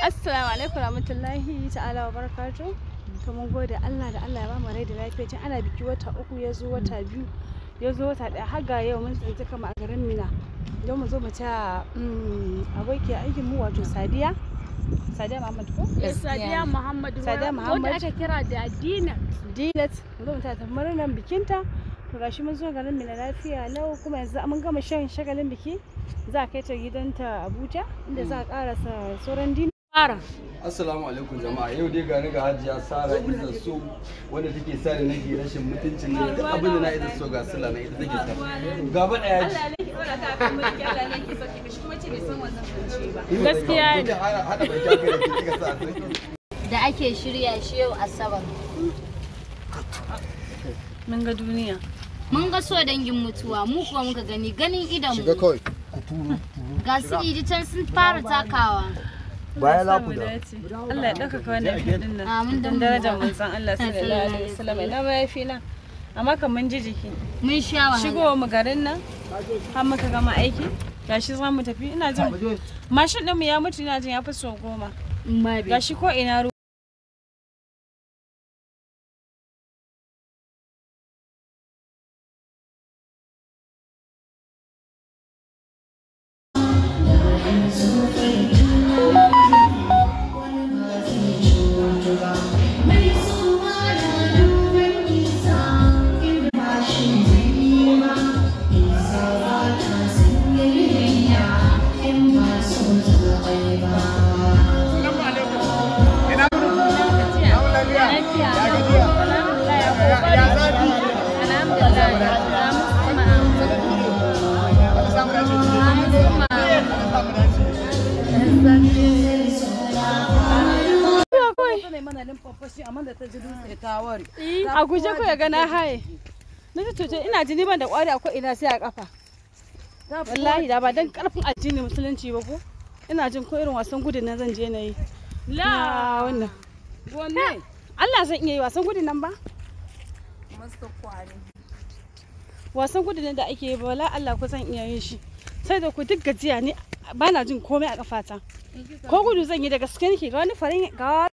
Assalamu alaikum rahmatullahi ta'ala wa barakatu. To mun gode Allah da Allah ya ba mu rai da lafiya tun ana biki wata uku ya zo wata mm. biyu ya zo wata ɗaya har ga yau mun tsinci kama a garin Mina. Don mu zo mu ta mm, aboki aikin mu wato Sadiya. Sadiya Muhammad ko? Sadiya Muhammad. Sadiya Muhammad. Wanda aka kira da Dinat. Dinat. Mu zo mu ta murnar bikinta. to gashi mun zo garin Mina lafiya lau kuma yanzu mun gama shan shagalin biki za a kai ta gidanta Abuja inda za a karasa mm. sauran dina Assalamu alaikum jama'a yau dai gani ga hajiya Sara ita so wanda take sani na ke rashin mutuncin ne duk abin da na ita so ga sula na ita take sa gaba daya ce Allah ne nake wala ta kan mulki Allah ne nake so ki kuma ce bai san wannan kunci ba gaskiya ne da ake shirya shi yau asabar mun ga duniya mun ga so dangin mutuwa mu kuma muka gani ganin idan mu shiga kawai ku turo ga su idi can sun fara takawa baya za ku da Allah ya ɗaukaka wannan fiɗin nan don darajar manzon Allah sallallahu alaihi wasallam ina ma ya fi nan amma kan mun ji jiki mun sha wahala shigo mu garin nan har muka gama aiki gashi za mu tafi ina jin mashin ɗinmu ya mutu ina jin ya fi so goma gashi ko ina ruwa thank you a guje ko ya gana haye na ta cuce ina jini ban da kwari akwai ina sai a kafa wallahi da ba dan karfin addini musulunci ba ko ina jin ko irin wasan gudun nan zan je na yi la wannan Allah zan iya yi wasan gudun nan ba wasan gudun da ake yi ba wala Allah ku zan iya yin shi sai da ku duk gajiya ne ba na jin komai a kafata ko gudu zan yi da gaske nake ga wani farin ga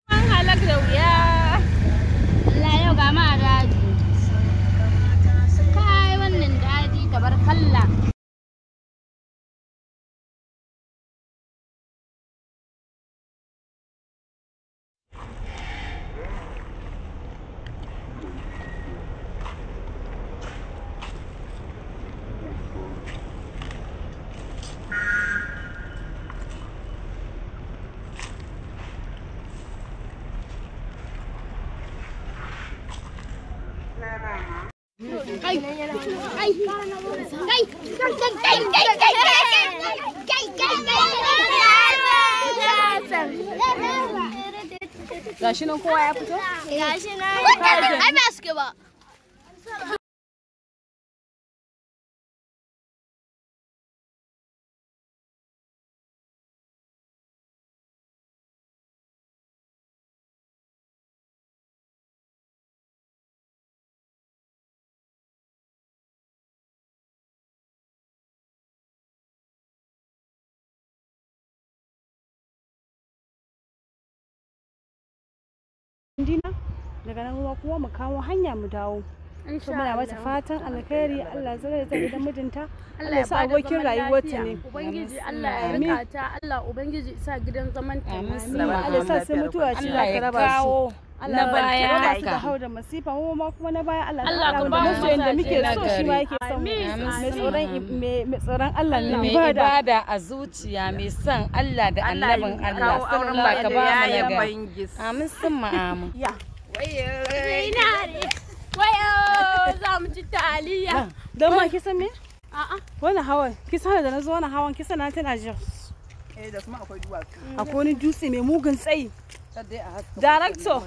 kai kai kai kai kai kai Gashi nan kowa ya fito? Gashi nan. Ai ba suke ba. dina daga nan ruwa kuma mu kawo hanya mu dawo to muna mata fatan alkhairi Allah zai da gidan mijinta Allah ya sa abokin rayuwarta ne ubangiji Allah ya rika ta Allah ubangiji sa gidan zaman ta Allah ya sa sai mutuwa ci za ka raba su na baya haka hau Allah ka ba mu da muke so ma yake ibada a zuciya mai son Allah da annabin Allah ka ba mu ya ga amin sun mu amin ya wayo wayo za mu ci taliya ma kisan me a'a wani hawan kisan da na zo wani hawan kisan tana jiya. Eh, akwai wani dutse mai mugun tsayi Director.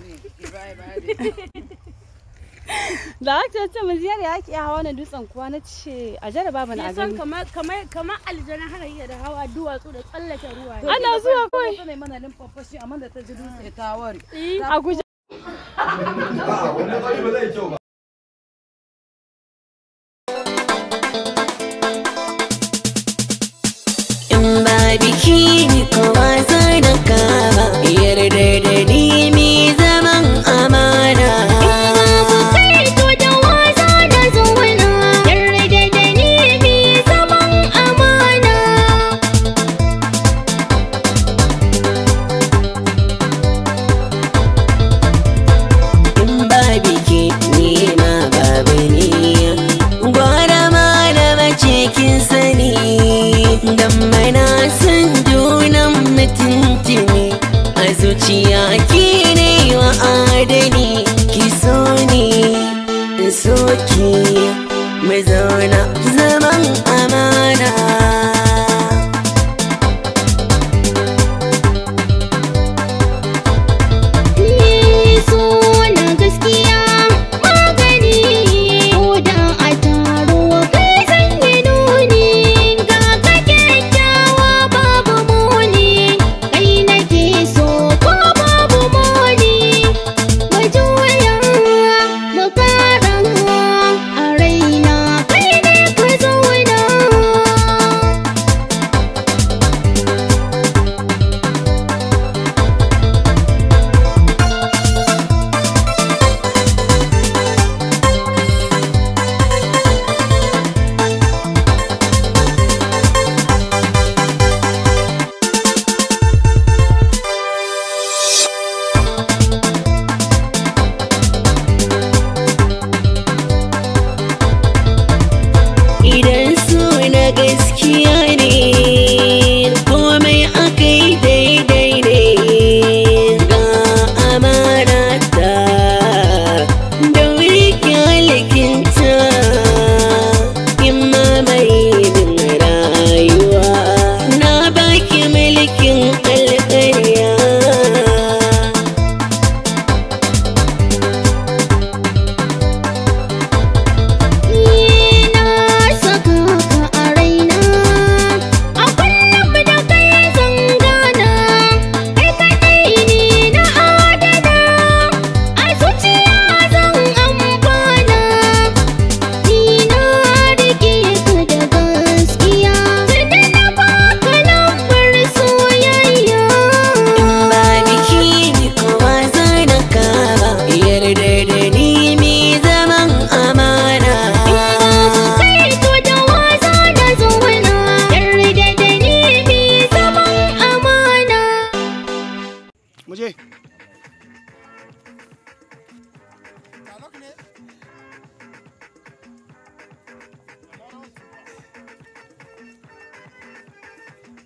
Director mu ziyar ya ki hawa na dutsen kuwa na ce a jaraba bana gani. Kamar kamar kamar aljana da hawa duwatsu da tsallake ruwa. Ana zuwa kai. Sai mana limfafashi amma da ta ji dutse ta ware. Eh, a guje. Wannan ba zai kyau ba. baki mai zauna zaman amana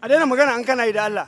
a daina magana an kana yi da Allah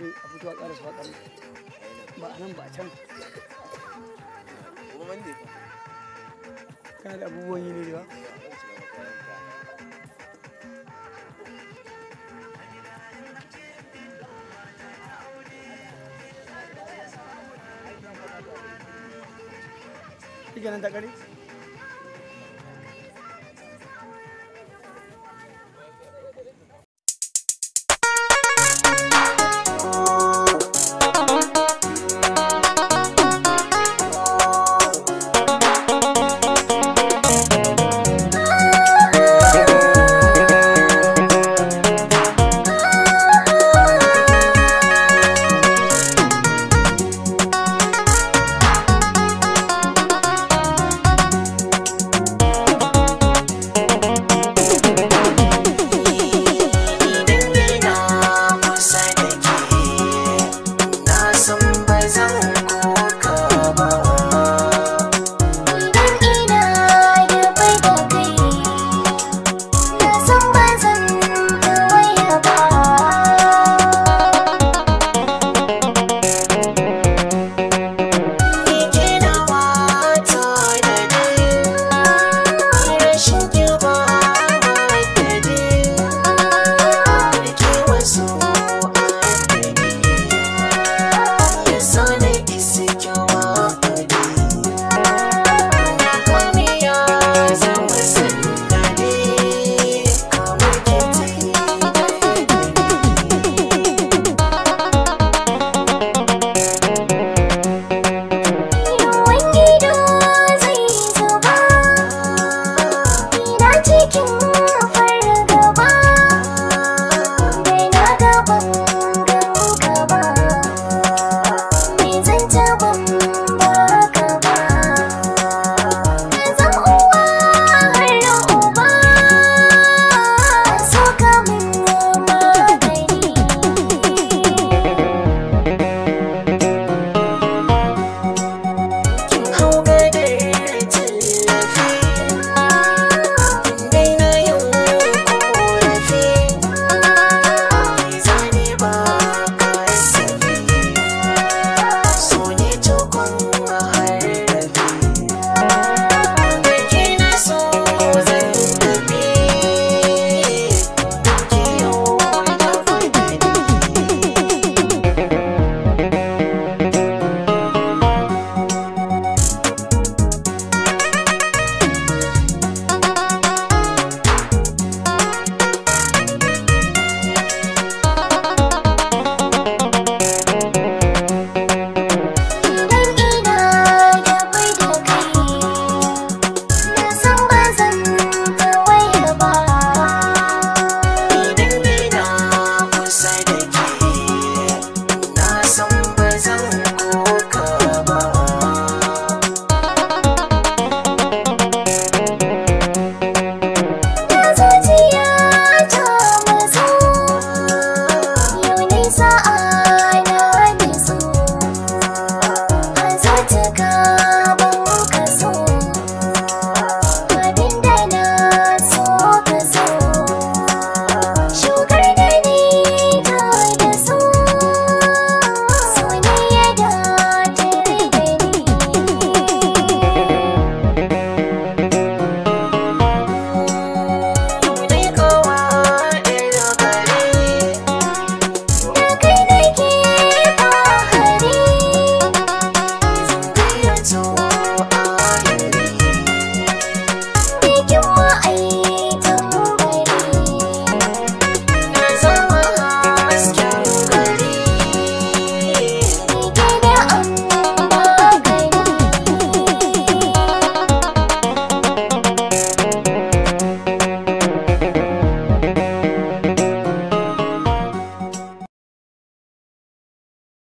dai a fito a ƙara ba a nan ba kana da abubuwan yi ne ba